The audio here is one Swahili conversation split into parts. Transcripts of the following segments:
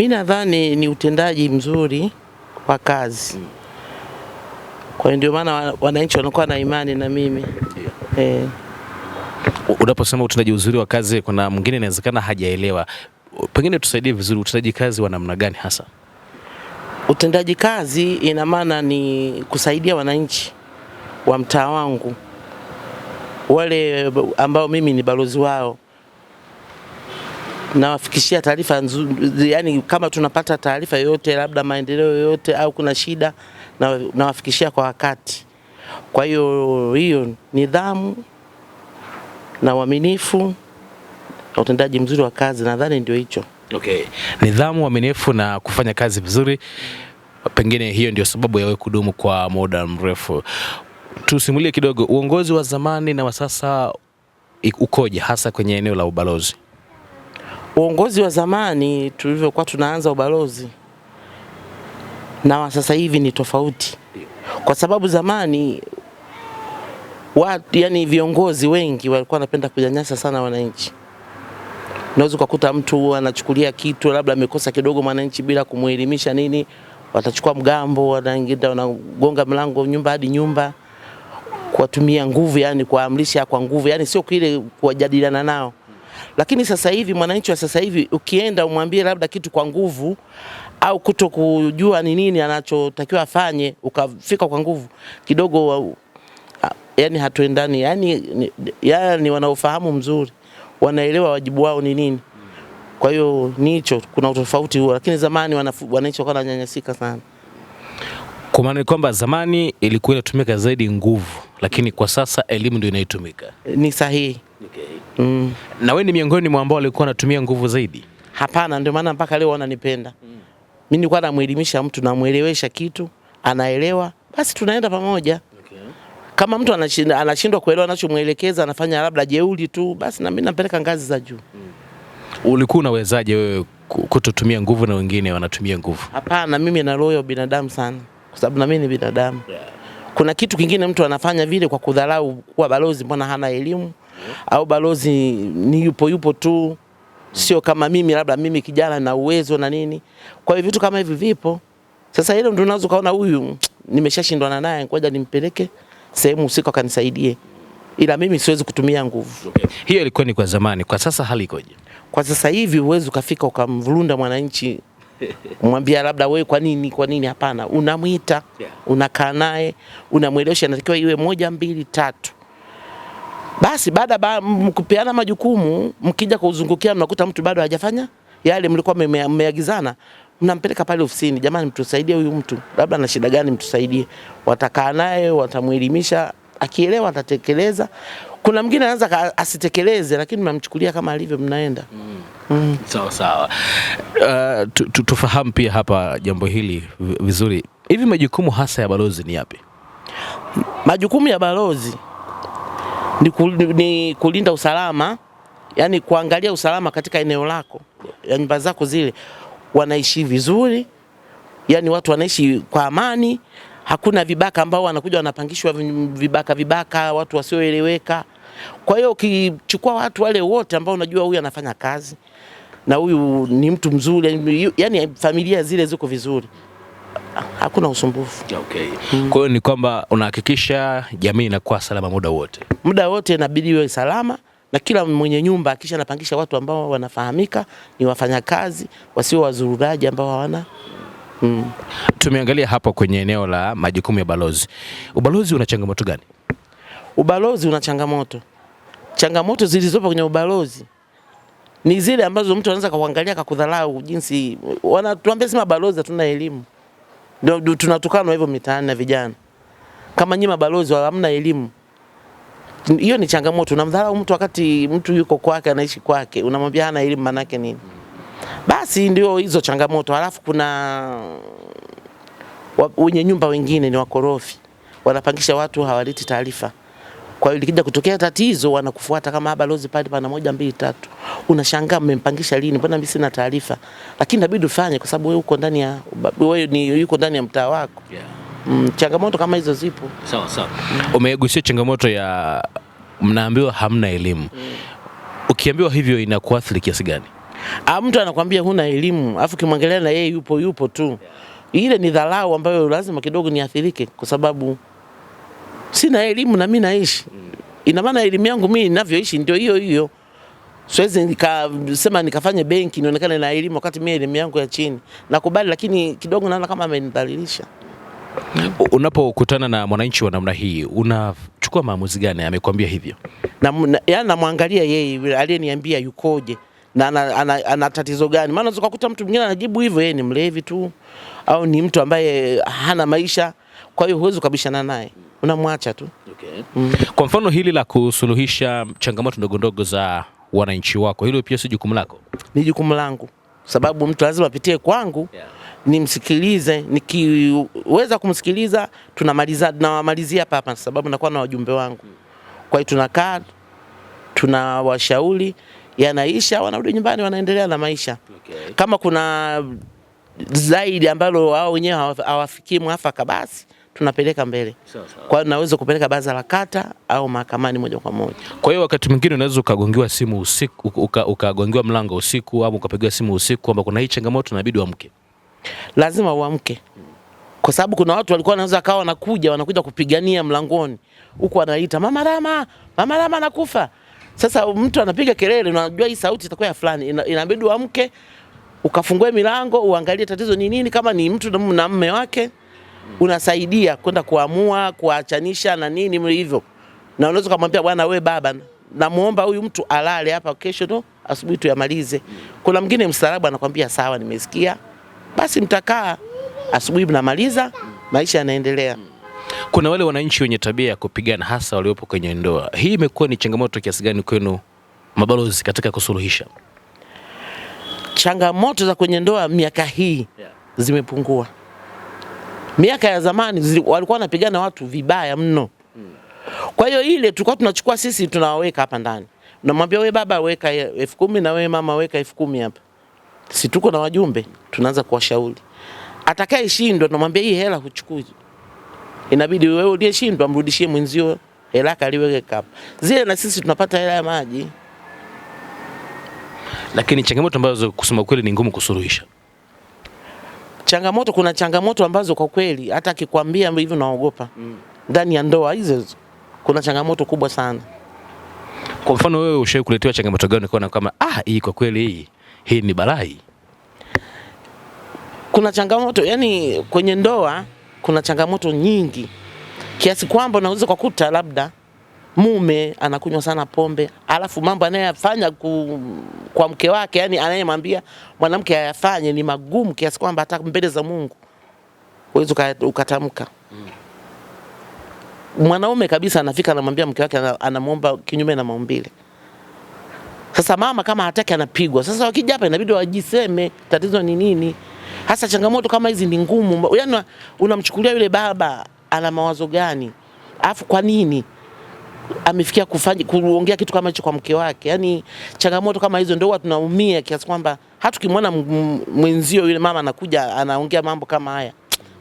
Mi nadhani ni utendaji mzuri wa kazi, kwa hiyo ndio maana wananchi wanakuwa na imani na mimi yeah. E. Unaposema utendaji uzuri wa kazi, kuna mwingine inawezekana hajaelewa, pengine tusaidie vizuri, utendaji kazi wa namna gani hasa? Utendaji kazi ina maana ni kusaidia wananchi wa mtaa wangu wale ambao mimi ni balozi wao nawafikishia taarifa nzuri, yani kama tunapata taarifa yoyote labda maendeleo yoyote au kuna shida, nawafikishia na kwa wakati. Kwa hiyo hiyo nidhamu na uaminifu na utendaji mzuri wa kazi, nadhani ndio hicho. Okay. Nidhamu, uaminifu na kufanya kazi vizuri, pengine hiyo ndio sababu ya wewe kudumu kwa muda mrefu. Tusimulie kidogo uongozi wa zamani na wa sasa ukoje, hasa kwenye eneo la ubalozi? uongozi wa zamani tulivyokuwa tunaanza ubalozi na wa sasa hivi ni tofauti, kwa sababu zamani watu, yani viongozi wengi walikuwa wanapenda kunyanyasa sana wananchi. Unaweza ukakuta mtu anachukulia kitu labda amekosa kidogo mwananchi bila kumuelimisha nini, watachukua mgambo, wanaingia wanagonga mlango nyumba hadi nyumba, kuwatumia nguvu, yani kuamrisha kwa nguvu, yani sio kile kuwajadiliana nao lakini sasa hivi mwananchi wa sasa hivi ukienda umwambie labda kitu kwa nguvu au kuto kujua ni nini anachotakiwa afanye, ukafika kwa nguvu kidogo wa, yani hatuendani yani, yani wanaofahamu mzuri wanaelewa wajibu wao ni nini. Kwa hiyo ni hicho, kuna utofauti huo, lakini zamani wananchi wakawa wananyanyasika sana, kwa maana kwamba zamani ilikuwa inatumika zaidi nguvu, lakini kwa sasa elimu ndio inaitumika. Ni sahihi. Okay. Mm. Na wewe ni miongoni mwa ambao walikuwa wanatumia nguvu zaidi? Hapana, ndio maana mpaka leo wananipenda. Mm. Mimi nilikuwa namuelimisha mtu, namwelewesha kitu, anaelewa, basi tunaenda pamoja. Okay. Kama mtu anashindwa anashindwa kuelewa anachomuelekeza anafanya labda jeuli tu, basi na mimi nampeleka ngazi za juu. Mm. Ulikuwa unawezaje wewe kutotumia nguvu na wengine wanatumia nguvu? Hapana, mimi na roho ya binadamu sana, kwa sababu na mimi ni binadamu. Yeah. Kuna kitu kingine mtu anafanya vile kwa kudharau kuwa balozi, mbona hana elimu au balozi ni yupo yupo tu, sio kama mimi, labda mimi kijana na uwezo na nini. Kwa hiyo vitu kama hivi vipo. Sasa ile ndio unaweza kaona, huyu nimeshashindwana naye, ngoja nimpeleke sehemu usiku akanisaidie, ila mimi siwezi kutumia nguvu. Okay. Hiyo ilikuwa ni kwa zamani, kwa sasa hali ikoje? Kwa sasa hivi uwezo ukafika ukamvulunda mwananchi mwambia labda wewe kwa nini kwa nini? Hapana, unamwita unakaa naye unamwelewesha, natakiwa iwe moja mbili tatu basi baada ba, kupeana majukumu, mkija kuzungukia mnakuta mtu bado hajafanya yale mlikuwa mmeagizana, mnampeleka pale ofisini, jamani, mtusaidie huyu mtu, labda ana shida gani, mtusaidie. Watakaa naye, watamuelimisha, akielewa atatekeleza. Kuna mwingine anaanza asitekeleze, lakini mnamchukulia kama alivyo, mnaenda mm. Mm. Sawa sawa. Uh, tufahamu pia hapa jambo hili vizuri, hivi majukumu hasa ya balozi ni yapi? Majukumu ya balozi ni, kul, ni, ni kulinda usalama, yani kuangalia usalama katika eneo lako ya nyumba zako zile, wanaishi vizuri, yani watu wanaishi kwa amani, hakuna vibaka ambao wanakuja wanapangishwa vibaka vibaka, watu wasioeleweka. Kwa hiyo ukichukua watu wale wote ambao unajua huyu anafanya kazi na huyu ni mtu mzuri, yani familia zile ziko vizuri hakuna usumbufu. Okay. Mm. Kwa hiyo ni kwamba unahakikisha jamii inakuwa salama muda wote, muda wote inabidi iwe salama na kila mwenye nyumba akisha anapangisha watu ambao wanafahamika ni wafanyakazi wasio wazururaji ambao hawana mm. Tumeangalia hapo kwenye eneo la majukumu ya balozi. Ubalozi una changamoto gani? Ubalozi una changamoto, changamoto zilizopo kwenye ubalozi ni zile ambazo mtu anaweza kuangalia akakudharau, jinsi wanatuambia sema balozi hatuna elimu ndio tunatukanwa hivyo mitaani na vijana. Kama nyinyi mabalozi hamna elimu hiyo ni changamoto. Unamdharau mtu wakati mtu yuko kwake, anaishi kwake, unamwambia hana elimu, manake nini? Basi ndio hizo changamoto. Halafu kuna wenye nyumba wengine ni wakorofi, wanapangisha watu, hawaliti taarifa. Kwa hiyo likija kutokea tatizo wanakufuata kama balozi, pale pana moja mbili tatu. Unashangaa mmempangisha lini? Mbona mimi sina taarifa? Lakini inabidi ufanye kwa sababu wewe uko ndani ya wewe ni yuko ndani ya mtaa wako. Yeah. Mm, changamoto kama hizo zipo. Sawa sawa. Mm. Umegusia changamoto ya mnaambiwa hamna elimu. Mm. Ukiambiwa hivyo inakuathiri kiasi gani? Ah, mtu anakuambia huna elimu, afu kimwangalia na yeye yupo yupo tu. yeah. Ile ni dharau ambayo lazima kidogo niathirike kwa sababu sina elimu na mimi naishi. Ina maana elimu yangu mimi ninavyoishi ndio hiyo hiyo. Siwezi nikasema nikafanye benki nionekane na elimu wakati mimi elimu yangu ya chini. Nakubali, lakini kidogo naona kama amenidhalilisha. Unapokutana na mwananchi wa namna hii unachukua maamuzi gani? Amekwambia hivyo na, na, yaani namwangalia yeye aliyeniambia yukoje na ana, ana, ana tatizo gani? Maana unaweza kukuta mtu mwingine anajibu hivyo, yeye ni mlevi tu au ni mtu ambaye hana maisha, kwa hiyo huwezi kubishana naye unamwacha tu okay. mm. Kwa mfano hili la kusuluhisha changamoto ndogo ndogo za wananchi wako, hilo pia si jukumu lako? Ni jukumu langu, sababu mtu lazima apitie kwangu yeah. Nimsikilize, nikiweza kumsikiliza tunamaliza, nawamalizia papa sababu nakuwa na wajumbe wangu. Kwa hiyo tunakaa tunawashauri, yanaisha, wanarudi nyumbani, wanaendelea na maisha okay. Kama kuna zaidi ambalo wao wenyewe hawafikii mwafaka, basi tunapeleka mbele. Kwa hiyo naweza kupeleka baraza la kata au mahakamani moja kwa moja. Kwa hiyo wakati mwingine unaweza ukagongiwa simu usiku, uka, ukagongiwa mlango usiku au ukapigiwa simu usiku kwamba kuna hii changamoto inabidi uamke. Lazima uamke kwa sababu kuna watu walikuwa wanaweza akawa wanakuja wanakuja kupigania mlangoni Huko anaita mama Rama, mama Rama anakufa. Sasa mtu anapiga kelele, unajua hii sauti itakuwa ya fulani, inabidi uamke ukafungue milango uangalie tatizo ni nini, kama ni mtu na mume wake unasaidia kwenda kuamua kuachanisha na nini hivyo, na unaweza kumwambia bwana, we baba, namuomba huyu mtu alale hapa kesho, tu asubuhi tuyamalize. Kuna mwingine mstaarabu anakwambia sawa, nimesikia, basi mtakaa asubuhi mnamaliza, maisha yanaendelea. Kuna wale wananchi wenye tabia ya kupigana, hasa waliopo kwenye ndoa. Hii imekuwa ni changamoto kiasi gani kwenu mabalozi katika kusuluhisha changamoto za kwenye ndoa? Miaka hii zimepungua. Miaka ya zamani walikuwa wanapigana watu vibaya mno. Kwa hiyo ile tulikuwa tunachukua sisi tunawaweka hapa ndani. Namwambia wewe baba weka elfu kumi na wewe mama weka elfu kumi hapa. Si tuko na wajumbe, tunaanza kuwashauri. Atakayeshindwa namwambia hii hela huchukui. Inabidi wewe uliyeshindwa mrudishie mwenzio hela kaliweke hapa. Zile na sisi tunapata hela ya maji. Lakini changamoto ambazo kusema kweli ni ngumu kusuluhisha changamoto, kuna changamoto ambazo kwa kweli hata akikwambia hivi naogopa mm. ndani mm. ya ndoa hizo, kuna changamoto kubwa sana. Kwa mfano wewe ushawahi kuletewa changamoto gani ukaona kama ah, hii kwa kweli hii hii ni balai? Kuna changamoto yani, kwenye ndoa kuna changamoto nyingi kiasi kwamba unaweza kukuta labda mume anakunywa sana pombe, alafu mambo anayofanya kwa mke wake, yani anayemwambia mwanamke ayafanye ni magumu kiasi kwamba hata mbele za Mungu huwezi ukatamka. Mwanaume kabisa anafika anamwambia mke wake, anamwomba kinyume na maumbile. Sasa mama kama hataki anapigwa. Sasa wakija hapa inabidi wajiseme tatizo ni nini. Hasa changamoto kama hizi ni ngumu. Yaani unamchukulia yule baba ana mawazo gani? Alafu kwa nini? amefikia kufanya kuongea kitu kama hicho kwa mke wake. Yaani changamoto kama hizo ndio huwa tunaumia kiasi kwamba hatukimwona mwenzio yule mama anakuja anaongea mambo kama haya,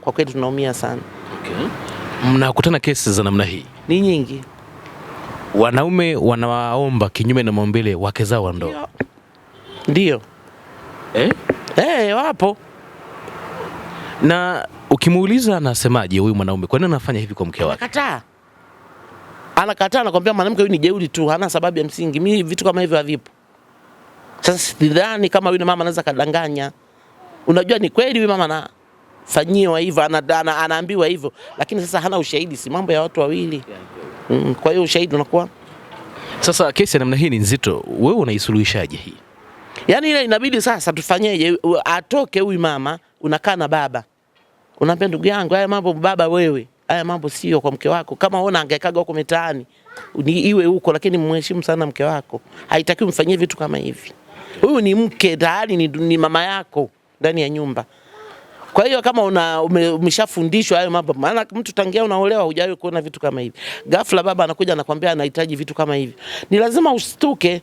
kwa kweli tunaumia sana. Okay. Mnakutana kesi za namna hii ni nyingi, wanaume wanawaomba kinyume na maumbile wake zao wa ndoa. Ndio eh? Eh, wapo na ukimuuliza anasemaje huyu mwanaume, kwa nini anafanya hivi kwa mke wake? Anakataa anakataa, anakwambia mwanamke huyu ni jeuri tu, hana sababu ya msingi. Mimi vitu kama hivyo havipo. Sasa sidhani kama yule mama anaweza kadanganya. Unajua ni kweli huyu mama na fanyiwa hivyo anadana, anaambiwa hivyo, lakini sasa hana ushahidi, si mambo ya watu wawili mm. Kwa hiyo ushahidi unakuwa sasa, kesi ya namna hii ni nzito. Wewe unaisuluhishaje hii? Yaani ile inabidi sasa tufanyeje? Atoke huyu mama, unakaa na baba, unaambia ndugu yangu, haya mambo baba, wewe haya mambo sio kwa mke wako. Kama wewe unahangaikaga huko mitaani, ni iwe huko lakini mheshimu sana mke wako. haitakiwi mfanyie vitu kama hivi. Huyu ni mke tayari, ni, ni mama yako ndani ya nyumba. Kwa hiyo kama una umeshafundishwa hayo mambo, maana mtu tangia unaolewa hujawahi kuona vitu kama hivi. Ghafla baba anakuja anakuambia anahitaji vitu kama hivi, ni lazima ustuke.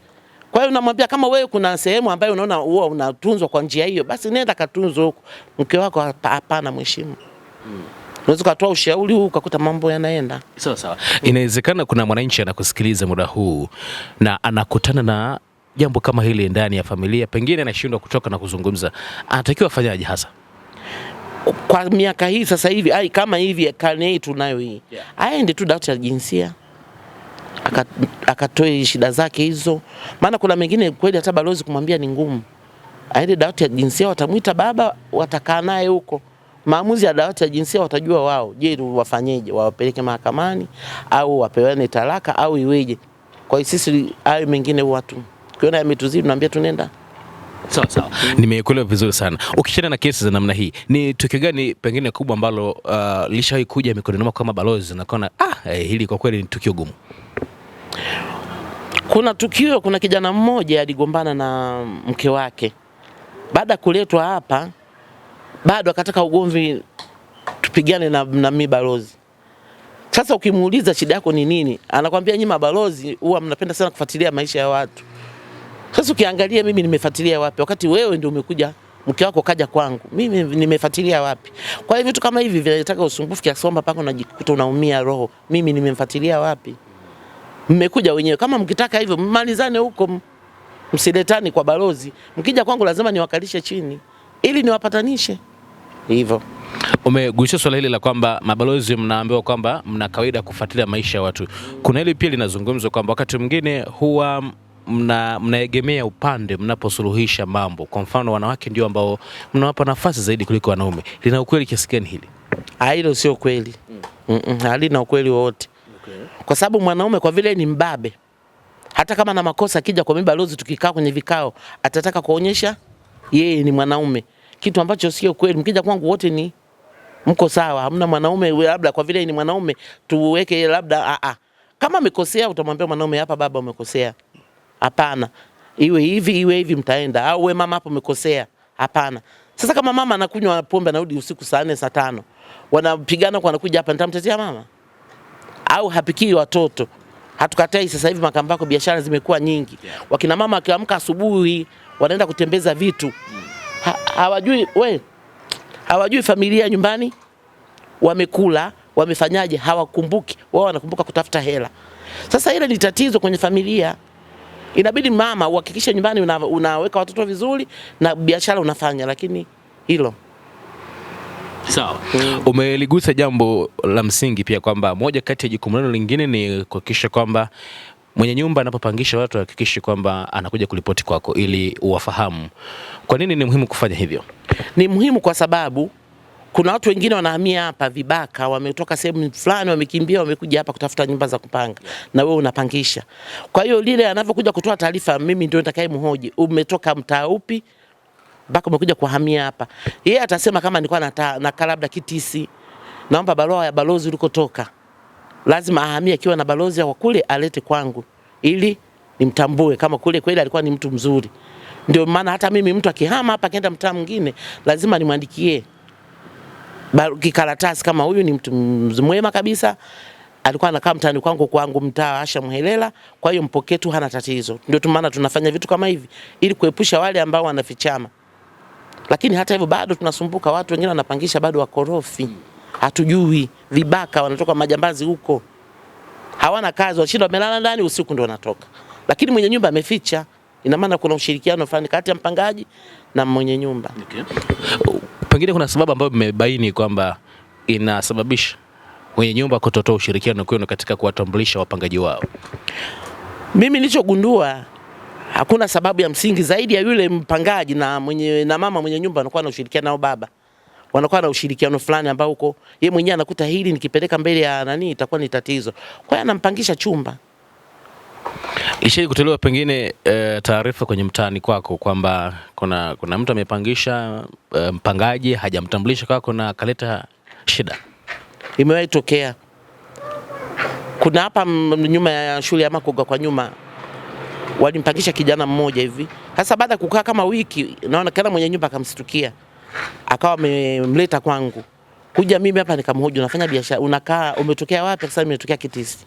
Kwa hiyo unamwambia kama wewe kuna sehemu ambayo unaona huwa unatunzwa kwa njia hiyo, basi nenda katunzwe huko. Mke wako hapana, mheshimu. Hmm unaweza ukatoa ushauri huu ukakuta mambo yanaenda sawa sawa. Inawezekana kuna mwananchi anakusikiliza muda huu na anakutana na jambo kama hili ndani ya familia, pengine anashindwa kutoka na kuzungumza, anatakiwa afanyaje hasa? Kwa miaka hii sasa hivi, ai, kama hivi karne hii tunayo hii, yeah. aende tu dawati la jinsia akatoe shida zake hizo, maana kuna mengine kweli hata balozi kumwambia ni ngumu. Aende dawati ya jinsia, watamwita baba, watakaa naye huko. Maamuzi ya dawati ya jinsia watajua wao, je, wafanyeje? Wawapeleke mahakamani au wapewane talaka au iweje? Kwa hiyo sisi hayo mengine watu kiona yametuzidi, tunaambia tunaenda Sawa sawa, mm. nimekuelewa vizuri sana. Ukichana na kesi za namna hii, ni tukio gani pengine kubwa ambalo uh, lishawahi kuja mikononi mwako kama balozi na kuona ah, eh, hili kwa kweli ni tukio gumu? Kuna tukio, kuna kijana mmoja aligombana na mke wake, baada ya kuletwa hapa bado akataka ugomvi tupigane na, na mimi balozi. Sasa ukimuuliza shida yako ni nini, anakwambia nyinyi mabalozi huwa mnapenda sana kufuatilia maisha ya watu. Sasa ukiangalia mimi nimefuatilia wapi, wakati wewe ndio umekuja mke wako kaja kwangu, mimi nimefuatilia wapi? Kwa hiyo vitu kama hivi vinataka usumbufu kiasi kwamba pako unajikuta unaumia roho. Mimi nimemfuatilia wapi? Mmekuja wenyewe. Kama mkitaka hivyo mmalizane huko, msiletani kwa balozi. Mkija kwangu lazima niwakalishe chini ili niwapatanishe hivyo. Umegusia swala hili la kwamba mabalozi mnaambiwa kwamba mna kawaida kufuatilia maisha ya watu. Kuna hili pia linazungumzwa kwamba wakati mwingine huwa mna, mnaegemea upande mnaposuluhisha mambo. Kwa mfano, wanawake ndio ambao mnawapa nafasi zaidi kuliko wanaume. Lina ukweli kiasi gani hili? Ah, hilo sio kweli, halina ukweli wowote okay. Kwa sababu mwanaume kwa vile ni mbabe, hata kama na makosa akija kwa mimi balozi, tukikaa kwenye vikao atataka kuonyesha yeye ni mwanaume, kitu ambacho sio kweli. Mkija kwangu wote ni mko sawa, hamna mwanaume labda kwa vile ni mwanaume tuweke labda a ah, a. Ah. Kama amekosea utamwambia mwanaume, hapa baba umekosea. Hapana, iwe hivi iwe hivi, mtaenda au we mama, hapo umekosea. Hapana. Sasa kama mama anakunywa pombe anarudi usiku saa nne saa tano wanapigana kwa anakuja hapa, nitamtetea mama? Au hapikii watoto? Hatukatai sasa hivi Makambako biashara zimekuwa nyingi, wakina mama akiamka asubuhi wanaenda kutembeza vitu ha, hawajui we, hawajui familia nyumbani wamekula wamefanyaje, hawakumbuki. Wao wanakumbuka kutafuta hela. Sasa ile ni tatizo kwenye familia. Inabidi mama uhakikishe nyumbani una, unaweka watoto vizuri na biashara unafanya, lakini hilo sawa. Mm. Umeligusa jambo la msingi pia kwamba moja kati ya jukumu lenu lingine ni kuhakikisha kwamba mwenye nyumba anapopangisha watu hakikishi kwamba anakuja kulipoti kwako ili uwafahamu. Kwa nini ni muhimu kufanya hivyo? Ni muhimu kwa sababu kuna watu wengine wanahamia hapa vibaka, wametoka sehemu fulani, wamekimbia, wamekuja hapa kutafuta nyumba za kupanga, na wewe unapangisha. Kwa hiyo lile anavyokuja kutoa taarifa, mimi ndio nitakaye mhoji, umetoka mtaa upi mpaka umekuja kuhamia hapa? Yeye atasema kama nilikuwa na, na labda Kitisi, naomba barua ya balozi ulikotoka lazima ahamie akiwa na balozi wa kule alete kwangu ili nimtambue kama kule kweli alikuwa ni mtu mzuri. Ndio maana hata mimi mtu akihama hapa akienda mtaa mwingine lazima nimwandikie kikaratasi kama huyu ni mtu mwema kabisa, alikuwa anakaa mtaani kwangu kwangu mtaa Asha Mhelela, kwa hiyo mpokee tu, hana tatizo. Ndio tu maana tunafanya vitu kama hivi ili kuepusha wale ambao wanafichama. Lakini hata hivyo bado tunasumbuka, watu wengine wanapangisha bado wakorofi, hatujui vibaka, wanatoka majambazi huko, hawana kazi, washinda wamelala ndani, usiku ndio wanatoka, lakini mwenye nyumba ameficha. Ina maana kuna ushirikiano fulani kati ya mpangaji na mwenye nyumba okay. Pengine kuna sababu ambayo mmebaini kwamba inasababisha mwenye nyumba kutotoa ushirikiano kwenu katika kuwatambulisha wapangaji wao. Mimi nilichogundua hakuna sababu ya msingi zaidi ya yule mpangaji na mwenye, na mama mwenye nyumba anakuwa na ushirikiano nao baba wanakuwa na ushirikiano fulani ambao uko yeye mwenyewe anakuta hili nikipeleka mbele ya nani itakuwa ni tatizo, kwa hiyo anampangisha chumba. Ishai kutolewa pengine e, taarifa kwenye mtaani kwako kwamba kuna, kuna mtu amepangisha e, mpangaji hajamtambulisha kwako na akaleta shida? Imewahi tokea. Kuna hapa nyuma ya shule ya Makoga kwa nyuma walimpangisha kijana mmoja hivi, hasa baada ya kukaa kama wiki, naona kana mwenye nyumba akamsitukia akawa amemleta kwangu kuja mimi hapa nikamhoji, unafanya biashara, unakaa, umetokea wapi? Sasa nimetokea Kitisi.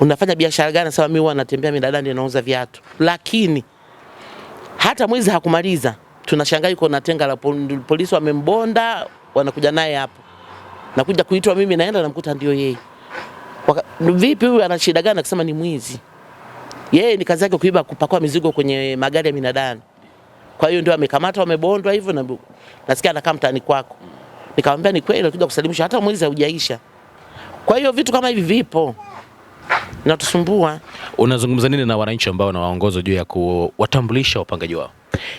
Unafanya biashara gani? Sasa mimi huwa natembea midadani nauza viatu. Lakini hata mwezi hakumaliza, tunashangaa yuko na tenga la polisi, wamembonda wanakuja naye hapo, nakuja kuitwa mimi, naenda namkuta ndio yeye. Vipi huyu ana shida gani? Akasema ni mwizi yeye, ni kazi yake kuiba, kupakua mizigo kwenye magari ya minadani. Kwa hiyo ndio amekamatwa, wamebondwa hivyo na nasikia anakaa mtaani kwako. Nikamwambia ni kweli, alikuja kusalimisha hata mwezi haujaisha. Kwa hiyo vitu kama hivi vipo natusumbua. Unazungumza nini na wananchi ambao wanawaongoza juu ya kuwatambulisha wapangaji wao?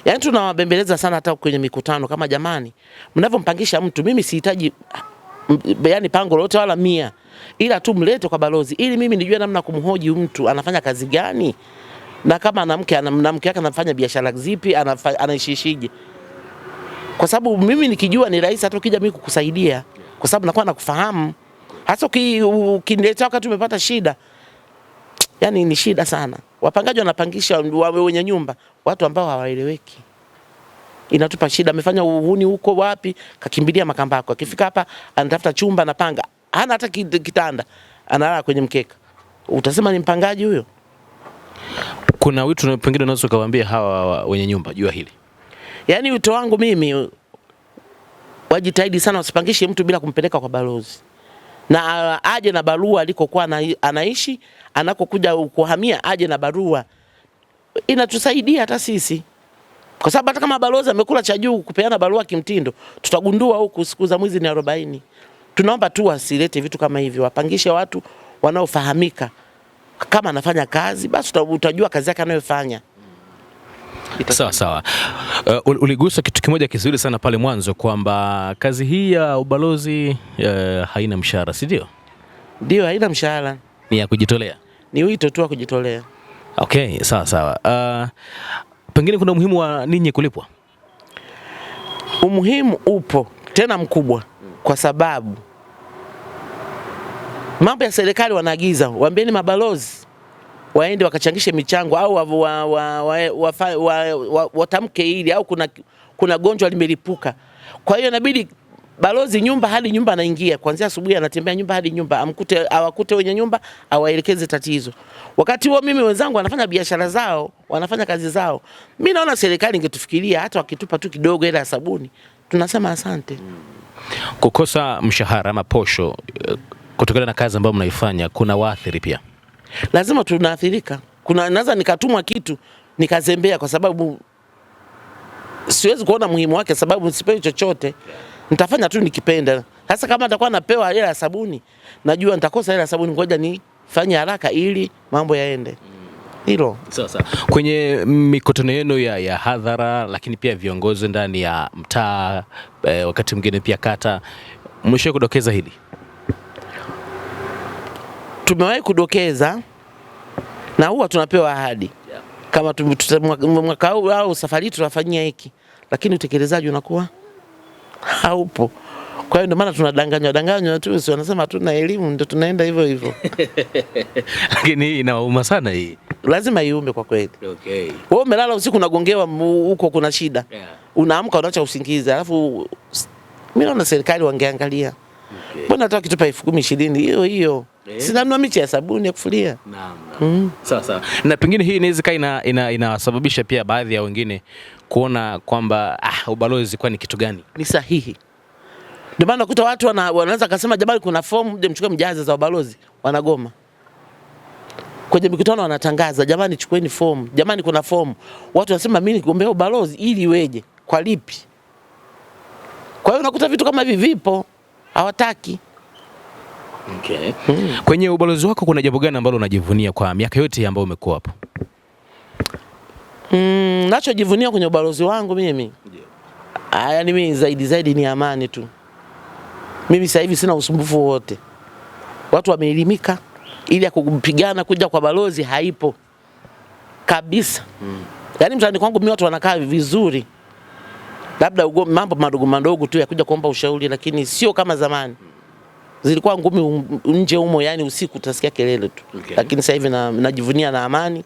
Yaani tunawabembeleza sana, hata kwenye mikutano kama jamani, mnavyompangisha mtu, mimi sihitaji yaani pango lolote wala mia, ila tu mlete kwa balozi, ili mimi nijue namna kumhoji mtu anafanya kazi gani, na kama anamke anamke yake anafanya biashara zipi, anaishishije kwa sababu mimi nikijua ni rahisi, hata ukija mimi kukusaidia, kwa sababu nakuwa nakufahamu, hasa ukiniletea wakati umepata shida. Yani ni shida sana, wapangaji wanapangisha wawe wenye nyumba watu ambao hawaeleweki, inatupa shida. Amefanya uhuni huko wapi, kakimbilia Makambako, akifika hapa anatafuta chumba, anapanga, hana hata kitanda, analala kwenye mkeka. Utasema ni mpangaji huyo? Kuna wito pengine unaweza ukawaambia hawa wenye nyumba jua hili Yaani wito wangu mimi wajitahidi sana wasipangishe mtu bila kumpeleka kwa balozi. Na aje na barua alikokuwa anaishi, anakokuja kuhamia aje na barua. Inatusaidia hata sisi. Kwa sababu hata kama balozi amekula cha juu kupeana barua kimtindo, tutagundua huku siku za mwizi ni 40. Tunaomba tu asilete vitu kama hivyo, wapangishe watu wanaofahamika. Kama anafanya kazi basi utajua kazi yake anayofanya. Sawa sawa. Uh, uligusa kitu kimoja kizuri sana pale mwanzo kwamba kazi hii ya ubalozi uh, haina mshahara, si ndio? Ndio, haina mshahara, ni ya kujitolea, ni wito tu wa kujitolea. Okay, sawa sawa. Uh, pengine kuna umuhimu wa ninyi kulipwa? Umuhimu upo tena mkubwa, kwa sababu mambo ya serikali wanaagiza, waambieni mabalozi waende wakachangishe michango au watamke ili au kuna, kuna gonjwa limelipuka. Kwa hiyo inabidi balozi nyumba hadi nyumba anaingia kuanzia asubuhi, anatembea nyumba hadi nyumba, amkute awakute wenye nyumba, awaelekeze tatizo. Wakati huo mimi wenzangu wanafanya biashara zao, wanafanya kazi zao. Mimi naona serikali ingetufikiria hata wakitupa tu kidogo ile ya sabuni, tunasema asante. Kukosa mshahara ama posho eh, kutokana na kazi ambayo mnaifanya kuna waathiri pia lazima tunaathirika. Kuna naweza nikatumwa kitu nikazembea, kwa sababu siwezi kuona muhimu wake, sababu sipewi chochote, nitafanya tu nikipenda. Sasa kama nitakuwa napewa hela ya sabuni, najua nitakosa hela ya sabuni, ngoja nifanye haraka ili mambo yaende hilo sasa. Kwenye mikutano yenu ya, ya hadhara, lakini pia viongozi ndani ya mtaa e, wakati mwingine pia kata, mwisho kudokeza hili tumewahi kudokeza na huwa tunapewa ahadi kama mwaka huu au safari tunafanyia hiki, lakini utekelezaji unakuwa haupo. Kwa hiyo ndio maana tunadanganywa danganywa tu, si wanasema hatuna elimu, ndio tunaenda hivyo hivyo lakini hii inauma sana hii, lazima iume kwa kweli. Okay. Wewe umelala usiku unagongewa huko, kuna shida yeah. Unaamka unaacha usingizi, alafu mimi naona serikali wangeangalia mbona okay. Hata kitupa elfu kumi ishirini hiyo hiyo eh, sinanua miche ya sabuni ya kufulia. Naam. Mm. Sawa sawa. Na pengine hii inaweza kaa ina inasababisha ina pia baadhi ya wengine kuona kwamba ah, ubalozi kwa ni kitu gani? Ni sahihi. Ndio maana nakuta watu wana, wanaanza kusema jamani, kuna fomu je, mchukue mjaze za ubalozi, wanagoma kwenye mikutano wanatangaza, jamani chukueni fomu, jamani kuna fomu. Watu wanasema mimi nigombea ubalozi ili iweje? Kwa lipi? Kwa hiyo unakuta vitu kama hivi vipo, hawataki. Okay. Hmm. Kwenye ubalozi wako kuna jambo gani ambalo unajivunia kwa miaka yote ambayo umekuwa hapo? Mm, nachojivunia kwenye ubalozi wangu mimi yeah. Ah, ni mimi zaidi zaidi ni amani tu. Mimi sasa hivi sina usumbufu wote, watu wameelimika, ili ya kupigana kuja kwa balozi haipo kabisa mm. Yaani mtaani kwangu mimi watu wanakaa vizuri, labda mambo madogo madogo tu ya kuja kuomba ushauri, lakini sio kama zamani mm zilikuwa ngumi um, nje humo, yani usiku utasikia kelele tu okay. Lakini sasa hivi na, najivunia na amani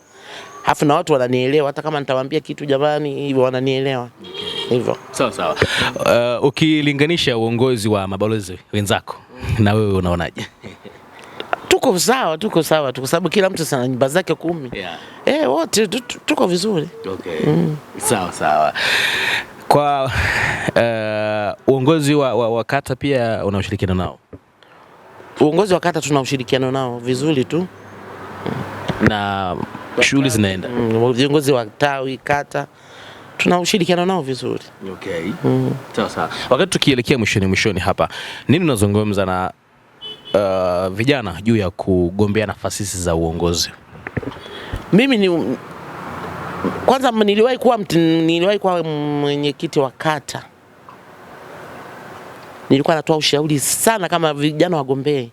afu na watu wananielewa, hata kama nitawaambia kitu jamani, hivyo wananielewa hivyo sawa sawa. Uh, ukilinganisha uongozi wa mabalozi wenzako na wewe unaonaje? Tuko sawa, tuko sawa tu, kwa sababu kila mtu sana nyumba zake kumi yeah. Eh, wote tuko vizuri okay. Mm. Sawa sawa kwa uh, uongozi wa, wa, wa kata pia unaoshirikiana nao? uongozi wa kata tuna ushirikiano nao vizuri tu na shughuli zinaenda. Mm, viongozi wa tawi kata tuna ushirikiano nao vizuri. Okay. Mm. Sasa wakati tukielekea mwishoni mwishoni hapa, nini unazungumza na uh, vijana juu ya kugombea nafasi hizi za uongozi? Mimi ni kwanza, niliwahi kuwa niliwahi kuwa mwenyekiti wa kata nilikuwa natoa ushauri sana kama vijana wagombee,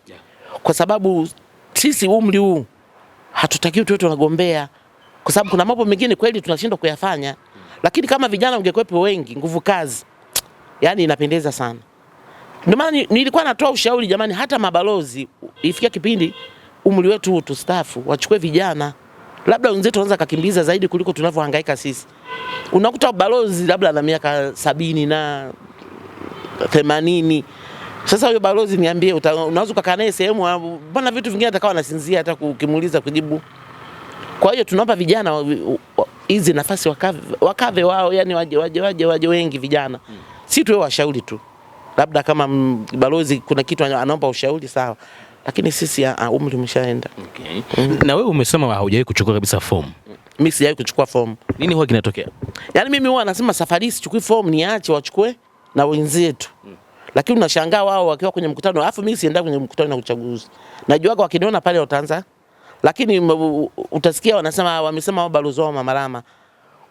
kwa sababu sisi umri huu hatutakiwi tuwe tunagombea, kwa sababu kuna mambo mengine kweli tunashindwa kuyafanya, lakini kama vijana ungekuwepo wengi, nguvu kazi, yani inapendeza sana. Ndio maana nilikuwa natoa ushauri jamani, hata mabalozi ifikia kipindi umri wetu huu tustafu, wachukue vijana, labda wenzetu wanaanza kakimbiza zaidi kuliko tunavyohangaika sisi. Unakuta balozi labda na miaka sabini na themanini. Sasa huyo balozi niambie, unaweza ukakaa naye sehemu, ah, bwana, vitu vingine atakawa anasinzia hata ukimuuliza kujibu. Kwa hiyo tunaomba vijana hizi nafasi wakave, wakave wao, yani waje waje waje waje wengi vijana, si tuwe washauri tu, labda kama balozi kuna kitu anaomba ushauri sawa, lakini sisi ah, ah, umri umeshaenda. Okay. Mm. Na wewe umesema haujawahi kuchukua kabisa fomu? Mimi sijawahi kuchukua fomu. Nini huwa kinatokea? Yani mimi huwa nasema safari sichukui fomu, niache wachukue na wenzetu Lakini unashangaa wao wakiwa kwenye mkutano, alafu mimi sienda kwenye mkutano na uchaguzi. Najua wakiniona pale wataanza, lakini utasikia wanasema, wamesema wao balozi wao Mama Rama.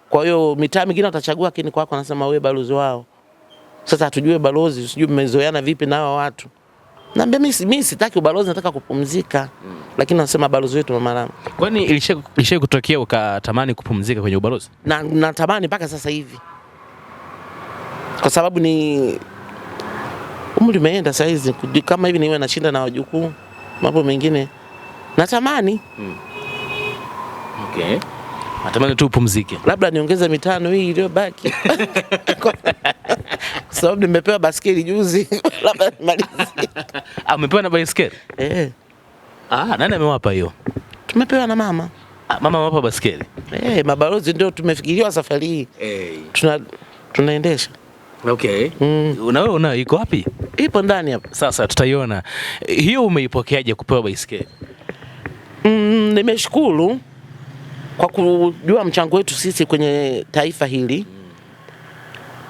Kwa hiyo mitaa mingine watachagua, lakini kwako wanasema wewe balozi wao. Sasa hatujue balozi, sijui mmezoeana vipi na hao watu. Na mimi mimi sitaki ubalozi, nataka kupumzika mm. Lakini nasema balozi wetu Mama Rama. Kwani ilishakutokea ukatamani kupumzika kwenye ubalozi? Na natamani mpaka sasa hivi kwa sababu ni umri umeenda saizi, kama hivi niwe nashinda na wajukuu mambo mengine natamani hmm. Okay. Natamani tu upumzike, labda niongeze mitano hii iliyobaki kwa sababu nimepewa baskeli juzi labda nimalizie. Ah, umepewa na baskeli eh? Ah, nani amewapa hiyo? Tumepewa na mama. Ah, mama amewapa baskeli eh? Mabalozi ndio tumefikiriwa safari hii hey. tuna tunaendesha Okay. Mm. Na wewe una iko wapi? Ipo ndani hapa. Sasa tutaiona. Hiyo umeipokeaje kupewa baisikeli? Mm, nimeshukuru kwa kujua mchango wetu sisi kwenye taifa hili. Mm.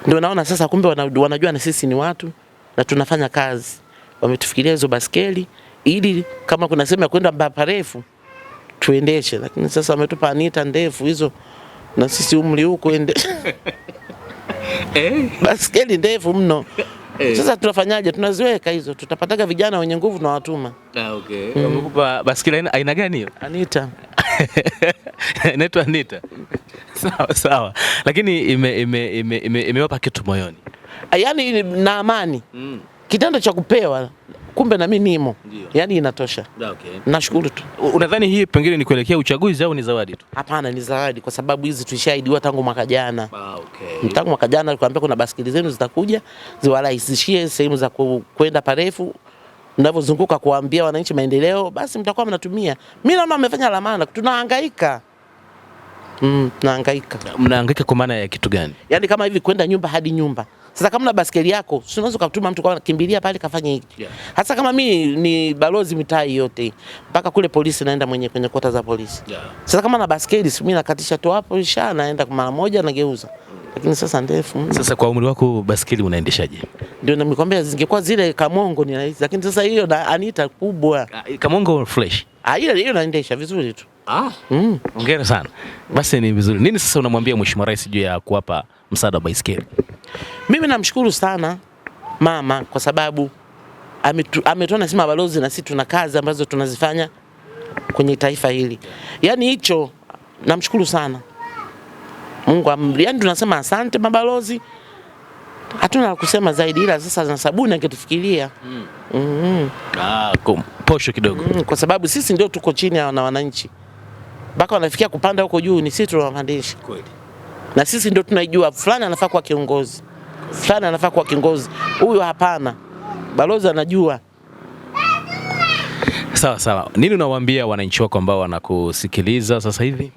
Ndio naona sasa kumbe wanajua na sisi ni watu na tunafanya kazi. Wametufikiria hizo baskeli ili kama kuna sema kwenda mbapa refu tuendeshe, lakini sasa wametupa anita ndefu hizo na sisi umri huko ende Eh? baskeli ndefu mno eh. Sasa tunafanyaje? Tunaziweka hizo, tutapataga vijana wenye nguvu na watuma. Ah, okay. Mm. Wamekupa baskeli aina gani hiyo? Anita inaitwa Anita. Sawa sawa, lakini imewapa ime, ime, ime, ime kitu moyoni, yaani na amani mm. kitendo cha kupewa kumbe na mimi nimo. yani inatosha. Okay. Nashukuru tu. Unadhani hii pengine ni kuelekea uchaguzi au ni zawadi tu? Hapana, ni zawadi kwa sababu hizi tushaidiwa tangu mwaka jana. Ah, okay. Mm, tangu mwaka jana tulikwambia kuna basikeli zenu zitakuja ziwarahisishie sehemu za kwenda parefu mnavyozunguka kuambia wananchi maendeleo, basi mtakuwa mnatumia. Mimi naona wamefanya la maana, tunahangaika Mm, nahangaika. Mnahangaika kwa maana ya kitu gani? Yaani kama hivi kwenda nyumba hadi nyumba sasa kama na baskeli yako, si unaweza ukatuma mtu kwa kimbilia pale kafanye hiki. Yeah. Hasa kama mimi ni balozi mitaa yote mpaka kule polisi naenda mwenyewe kwenye kota za polisi. Yeah. Sasa kama na baskeli mimi nakatisha tu hapo isha naenda mara moja nageuza. Lakini sasa ndefu. Sasa kwa umri wako baskeli unaendeshaje? Ndio nimekwambia zingekuwa zile kamongo ni rahisi, lakini sasa hiyo na anita kubwa. Ah, kamongo fresh. Ah, ile hiyo naendesha vizuri tu. Ah. Mm. Hongera sana. Basi ni vizuri. Nini sasa unamwambia Mheshimiwa Rais juu ya kuwapa msaada wa baiskeli. Mimi namshukuru sana mama kwa sababu ametuona sisi mabalozi na sisi tuna kazi ambazo tunazifanya kwenye taifa hili. Yaani hicho namshukuru sana. Mungu amri. Yaani tunasema asante mabalozi. Hatuna la kusema zaidi ila sasa na sabuni angetufikiria. Mm. Mm -hmm. Mhm. Ah, posho kidogo. Mm, kwa sababu sisi ndio tuko chini ya na wananchi. Mpaka wanafikia kupanda huko juu ni sisi tunawapandisha. Kweli na sisi ndio tunaijua, fulani anafaa kuwa kiongozi, fulani anafaa kuwa kiongozi, huyu hapana. Balozi anajua. Sawa sawa. Nini unawaambia wananchi wako ambao wanakusikiliza sasa hivi?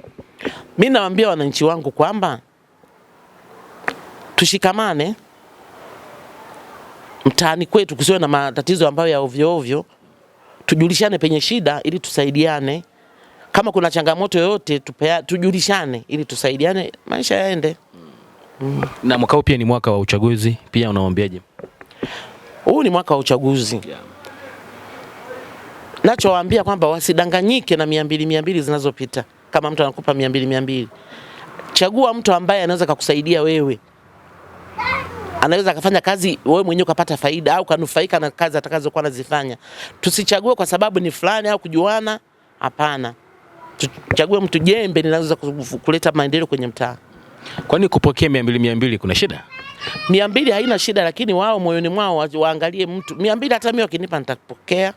Mimi nawaambia wananchi wangu kwamba tushikamane mtaani kwetu, kusiwe na matatizo ambayo ya ovyo ovyo, tujulishane penye shida ili tusaidiane kama kuna changamoto yoyote tupea, tujulishane ili tusaidiane maisha yaende. Mm. Na mwaka huu pia ni mwaka wa uchaguzi pia, unawaambiaje? Huu ni mwaka wa uchaguzi yeah. Nachowaambia kwamba wasidanganyike na mia mbili mia mbili zinazopita. Kama mtu anakupa mia mbili mia mbili, chagua mtu ambaye anaweza kukusaidia wewe, anaweza akafanya kazi wewe mwenyewe ukapata faida au kanufaika na kazi atakazokuwa anazifanya. Tusichague kwa sababu ni fulani au kujuana, hapana tuchague mtu jembe linaweza kuleta maendeleo kwenye mtaa. Kwani kupokea mia mbili mia mbili kuna shida? Mia mbili haina shida, lakini wao moyoni mwao waangalie mtu mia mbili. Hata mimi wakinipa nitapokea,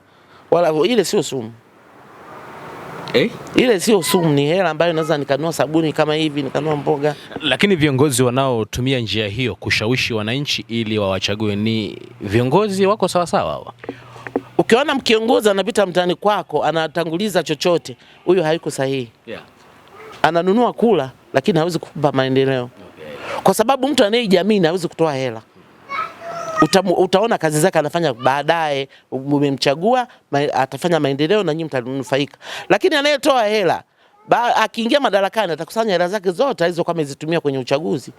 wala ile sio sumu eh? Ile sio sumu, ni hela ambayo naweza nikanua sabuni kama hivi, nikanua mboga. Lakini viongozi wanaotumia njia hiyo kushawishi wananchi ili wawachague, ni viongozi wako sawasawa hawa? Ukiona mkiongozi anapita mtaani kwako anatanguliza chochote, huyo hayuko sahihi yeah. Ananunua kula lakini hawezi kukupa maendeleo okay. Kwa sababu mtu anayejamini hawezi kutoa hela Uta, utaona kazi zake anafanya baadaye, umemchagua ma, atafanya maendeleo na nyinyi mtanufaika, lakini anayetoa hela akiingia madarakani atakusanya hela zake zote alizokuwa amezitumia kwenye uchaguzi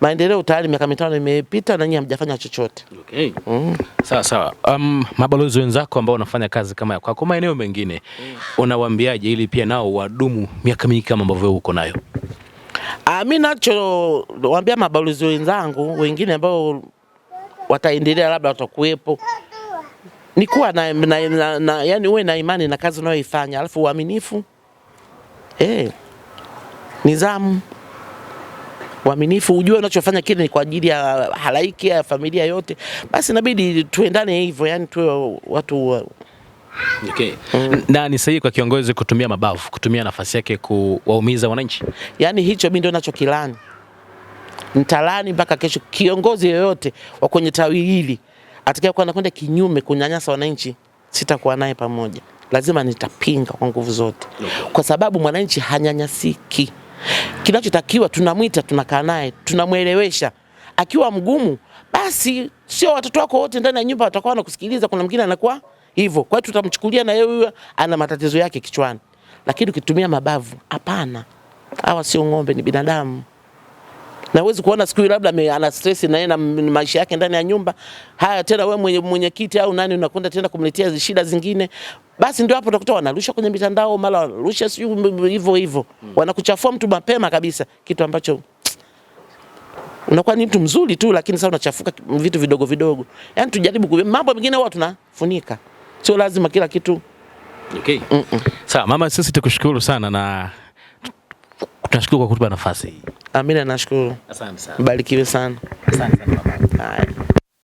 maendeleo tayari miaka mitano imepita na nyinyi hamjafanya chochote. Okay. Mm. Sawa sawa. Um, mabalozi wenzako ambao wanafanya kazi kama yako kwa maeneo mengine mm. unawaambiaje ili pia nao wadumu miaka mingi kama ambavyo uko nayo? Ah, mimi nacho waambia mabalozi wenzangu wengine ambao wataendelea labda watakuwepo ni kuwa na, na, na, na, yani uwe na imani na kazi unayoifanya alafu uaminifu eh, nizamu uaminifu, ujue unachofanya kile ni kwa ajili ya halaiki ya familia yote, basi inabidi tuendane hivyo, yani tuwe watu Okay. Mm. Na ni sahihi kwa kiongozi kutumia mabavu, kutumia nafasi yake kuwaumiza wananchi. Yaani hicho mimi ndio nachokilani. Nitalani mpaka kesho kiongozi yoyote wa kwenye tawi hili atakayekuwa anakwenda kinyume kunyanyasa wananchi, sitakuwa naye pamoja. Lazima nitapinga kwa nguvu zote. Kwa sababu mwananchi hanyanyasiki. Kinachotakiwa tunamwita, tunakaa naye, tunamwelewesha. Akiwa mgumu, basi sio watoto wako wote ndani ya nyumba watakuwa wanakusikiliza. Kuna mwingine anakuwa hivyo, kwa hiyo tutamchukulia na yeye ana matatizo yake kichwani, lakini ukitumia mabavu, hapana. Hawa sio ng'ombe, ni binadamu na huwezi kuona siku hiyo labda ana stress na yeye na maisha yake ndani ya nyumba. Haya tena wewe mwenye mwenyekiti au nani unakwenda tena kumletea shida zingine. Basi ndio hapo utakuta wanarusha kwenye mitandao, mara wanarusha sio hivyo hivyo. Mm. Wanakuchafua mtu mapema kabisa, kitu ambacho unakuwa ni mtu mzuri tu, lakini sasa unachafuka vitu vidogo vidogo. Yaani tujaribu mambo mengine huwa tunafunika. Sio lazima kila kitu. Okay. Mm -mm. Sawa mama, sisi tukushukuru sana na Tunashukuru kwa kutupa nafasi hii. Amina, nashukuru. Asante sana. Barikiwe sana. Asante sana baba. Haya.